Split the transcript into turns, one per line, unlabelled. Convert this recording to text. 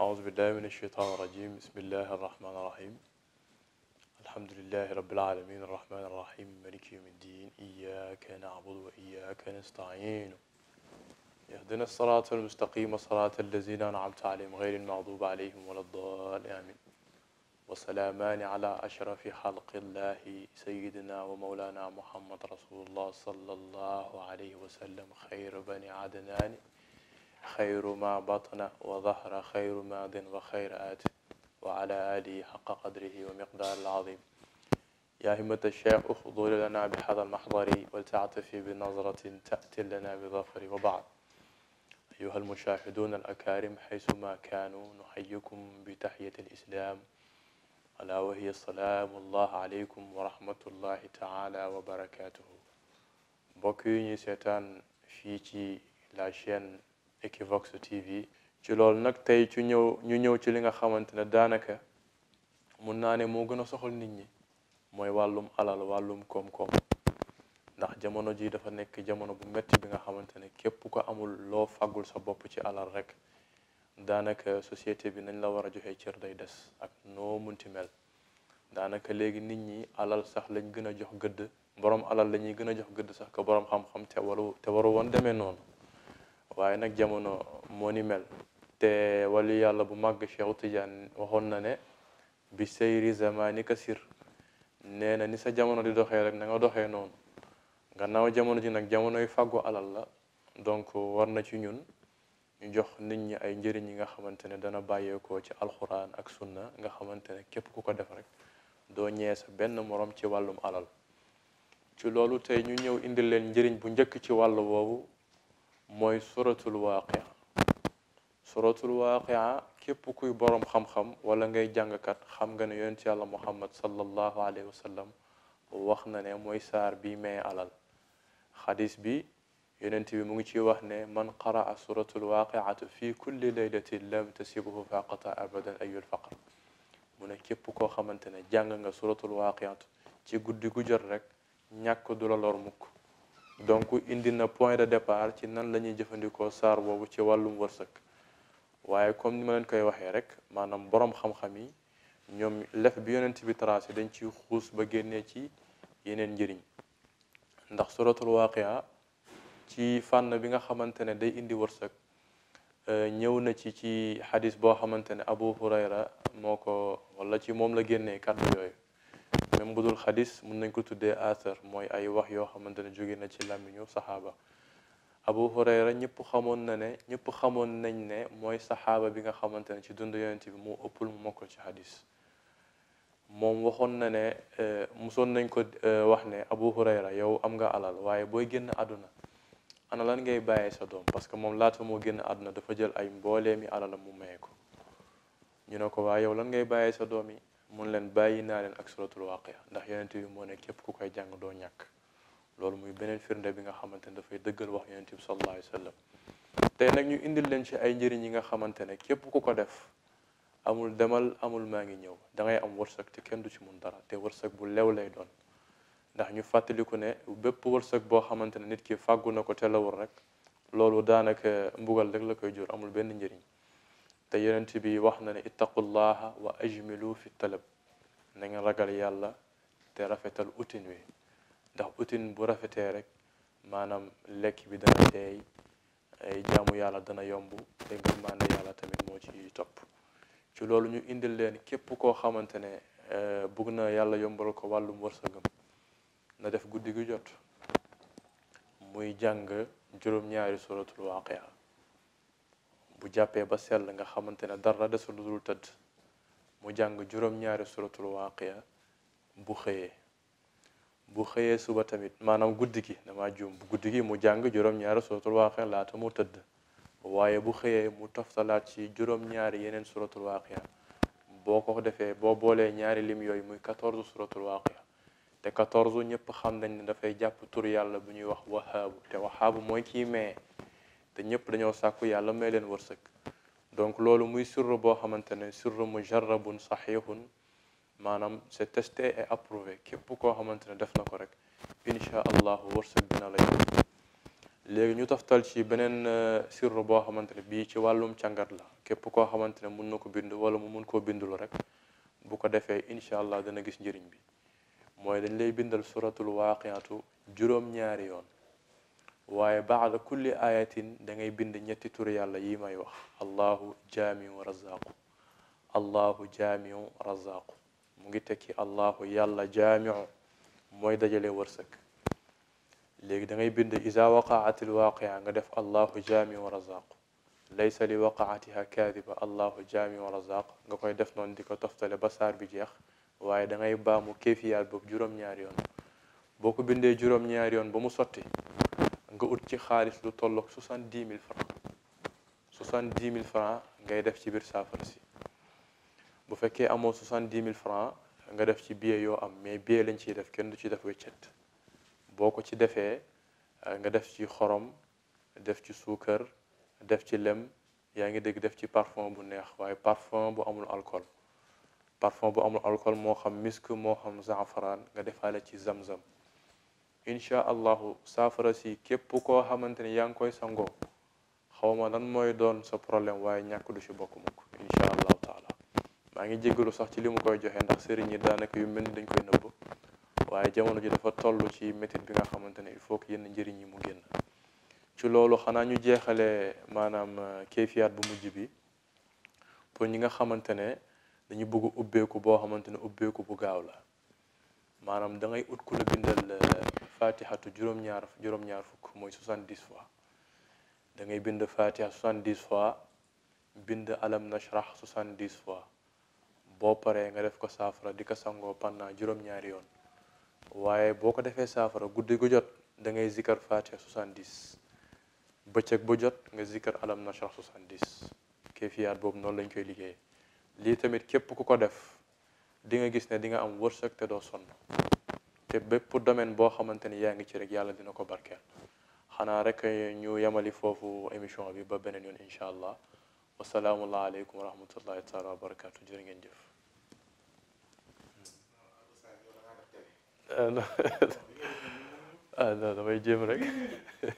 أعوذ بالله من الشيطان الرجيم بسم الله الرحمن الرحيم الحمد لله رب العالمين الرحمن الرحيم مالك يوم الدين إياك نعبد وإياك نستعين اهدنا الصراط المستقيم صراط الذين أنعمت عليهم غير المغضوب عليهم ولا الضالين آمين وسلامان على أشرف خلق الله سيدنا ومولانا محمد رسول الله صلى الله عليه وسلم خير بني عدنان xayru ma batna wa dahra xayru maadin wa xayra aati wa ala alihi xaqa qadrihi wa miqdaar alazim yaa himmata cheikh uxduri lana bi hada almaxdari waltaatafi binazratin taati lana bidafari wa baad أيها المشاهدون الأكارم حيثما كانوا نحييكم بتحية الإسلام ألا وهي السلام الله عليكم ورحمة الله تعالى وبركاته mbokk yi ñuy seetaan fii ci la chaîne Equivox TV ci loolu nag tey ci ñëw ñu ñëw ci li nga xamante ne daanaka mun naa ne moo gën a soxal nit ñi mooy wàllum alal wàllum koom-koom ndax jamono ji dafa nekk jamono bu metti bi nga xamante ne képp ko amul loo fàggul sa bopp ci alal rek daanaka société bi nañ la war a joxe cër day des ak noo munti mel daanaka léegi nit ñi alal sax lañ gën a jox gëdd borom alal la gën a jox gëdd sax ko borom xam-xam te waru te waru woon demee noonu waaye nag jamono moo ni mel te wali yàlla bu màgg Cheikhu Tidiane waxoon na ne bi sayri zamani kasir nee na ni sa jamono di doxee rek na doxee noonu nga gannaaw jamono ji nag jamonoy fàggu alal la donc war na ci ñun ñu jox nit ñi ay njëriñ yi nga xamante ne dana bàyyeekoo ci alxuraan ak sunna nga xamante ne képp ku ko def rek doo ñee sa benn moroom ci wàllum alal ci loolu tey ñu ñëw indil leen njëriñ bu njëkk ci wàll woowu mooy suratul waaqia suratul waaqia képp kuy boroom xam-xam wala ngay jàngkat xam nga ne yonent yàlla muhammad sallallahu alayhi wa sallam wax na ne mooy saar bi may alal xadis bi yonent bi mu ngi ciy wax ne man qaraa suratul waaqiatu fi kulli laylatin lam tasibhu faqata abadan ayul faqr mu ne képp koo xamante ne jàng nga suratul waaqiatu ci guddi gu jot rek ñàkk du la lor donc indi na point de départ ci nan la ñuy jëfandikoo saar boobu ci wàllum wërsëg waaye comme ni ma leen koy waxee rek maanaam borom xam-xam yi ñoom lef bi yonent bi tracé dañ ciy xuus ba génnee ci yeneen njëriñ ndax suratul waaqia ci fànn bi nga xamante ne day indi wërsëg euh, ñëw na ci ci xadis boo xamante ne Abu Hurayra moo ko wala ci moom la génnee kàddu yooyu même bu dul xadis mun nañ ko tuddee athar mooy ay wax yoo xamante ne jóge na ci làmmiñu saxaaba abu hurayra ñëpp xamoon na ne ñëpp xamoon nañ ne mooy saxaaba bi nga xamante ne ci dund yonent bi mu ëppul mu mokkal ci xadis moom waxoon na ne eh, mosoon nañ ko eh, wax ne abu hurayra yow am nga alal waaye booy génn àdduna ana lan ngay bàyyee sa doom parce que moom laata moo génn àdduna dafa jël ay mboolee mi alalam mu maye ko ñu ne ko waaye yow lan ngay bàyyee sa doom yi mun leen bàyyi naa leen ak suratul waaqia ndax yonent bi moo ne képp ku koy jàng doo ñàkk loolu muy beneen firnde bi nga xamante ne dafay dëggal wax yonent bi sallallahu alayhi wa sallam nag ñu indil leen ci ay njëriñ yi nga xamante ne képp ku ko def amul demal amul maa ngi ñëw da ngay am wërsëg ci kenn du ci mun dara te wërsëg bu lew lay doon ndax ñu fàttaliku ne bépp wërsëg boo xamante ne nit ki fàggu na ko te lawul rek loolu daanaka mbugal rek la koy jur amul benn njëriñ te yonent bi wax na ne ittaqullaha wa ajmilu fi talab na ngeen ragal yàlla te rafetal utin wi ndax utin bu rafetee rek maanaam lekk bi dana teey ay jaamu yàlla dana yomb te ngërmande yàlla tamit moo ci topp ci loolu ñu indil leen képp koo xamante ne eh, bugg na yàlla yombal ko wàllum wërsëgam na def guddi gi jot muy jàng juróom-ñaari suratul waaqiya bu jàppee ba sell nga xamante ne dara desul lu dul tëdd mu jàng juróom-ñaari suratul waaqiya bu xëyee bu xëyee suba tamit maanaam guddi gi dama juum bu guddi gi mu jàng juróom-ñaari suratul waaqiya laata mu tëdd waaye bu xëyee mu toftalaat ci juróom-ñaari yeneen suratul waaqiya boo ko defee boo boolee ñaari lim yooyu muy 14 suratul waaqiya te 14 ñëpp xam nañ ne dafay jàpp tur yàlla bu ñuy wax wahaabu te wahaabu mooy kii maye te ñëpp dañoo sàkku yàlla may leen wërsëg donc loolu muy sirru boo xamante ne sirru mujarrabun saxiixun maanaam c'est testé et approuvé képp koo xamante ne def na ko rek incha allahu wërsëg dina la yomb léegi ñu tal ci beneen euh, sirru boo xamante ne bii ci wàllum càngat la képp koo xamante ne mun na ko bind wala mu mun koo bindul rek bu ko defee incha allah dana gis njëriñ bi mooy dañ lay bindal suratul waaqiatu juróom-ñaari yoon waaye baada kulli ayatin da ngay bind ñetti tur yàlla yi may wax allahu jaamiu razaqu allahu jaamiu razaqu mu ngi tekki allahu yàlla jaamiu mooy dajale wërsëg léegi da bind isa waqaat alwaqia nga def allahu jaamiu razaqu laysa li waqaatiha kaadiba allahu jaamiu razaq nga koy def noonu di ko toftale ba saar bi jeex waaye dangay ngay baamu kéefiyaat boobu juróom-ñaari yoon boo ko bindee juróom yoon ba mu sotti nga ut ci xaalis lu tolloog soixante dix mille franc soixante dix mille franc ngay def ci biir saafara si bu fekkee amoo soixante dix mille franc nga def ci billet yoo am mais billet lañ ciy def kenn du ci def weccet boo ko ci defee euh, nga def ci xorom def ci suukar def ci lem yaa ngi dégg def ci parfum bu neex waaye parfum bu amul alcool parfum bu amul alcool moo xam misk moo xam zafaraan nga defaale ci zamzam incha allahu saafara si képp koo xamante ni yaa ngi koy sangoo xawma lan mooy doon sa problème waaye ñàkk du si bokk mukk incha allahu taala maa ngi jéggalu sax ci li mu koy joxe ndax sëriñ yi daanaka yu mel ni dañ koy nëbb waaye jamono ji dafa toll ci métit bi nga xamante ne il faut que yenn njëriñ yi mu génn ci loolu xanaa ñu jeexale maanaam euh, kayfiyaat bu mujj bi pour ñi nga xamante ne dañu bëgg ubbeeku boo xamante ne ubbeeku bu gaaw la maanaam ut ku fatihatu juróom-ñaar juróom-ñaar fukk mooy soixante-dix fois da ngay bind fatiha soixante-dix fois bind alam nashrah soixante-dix fois boo paree nga def ko saafara di ko sangoo pendant juróom-ñaari yoon waaye boo ko defee saafara guddi gu jot da ngay zikkar fatiha soixante-dix bëccëg bu jot nga zikkar alam nashrah soixante-dix kéefiyaat boobu noonu lañ koy liggéey lii tamit képp ku ko def di nga gis ne di nga am wërsëg te doo sonn te bépp domaine boo xamante ni yaa ngi ci rek yàlla dina ko barkeel xanaa rek ñu yemali foofu émission bi ba beneen yoon incha allah wasalaamu aleykum wa rahmatullahi taala wa barakaatu jërë ngeen jëf ah, ah non damay rek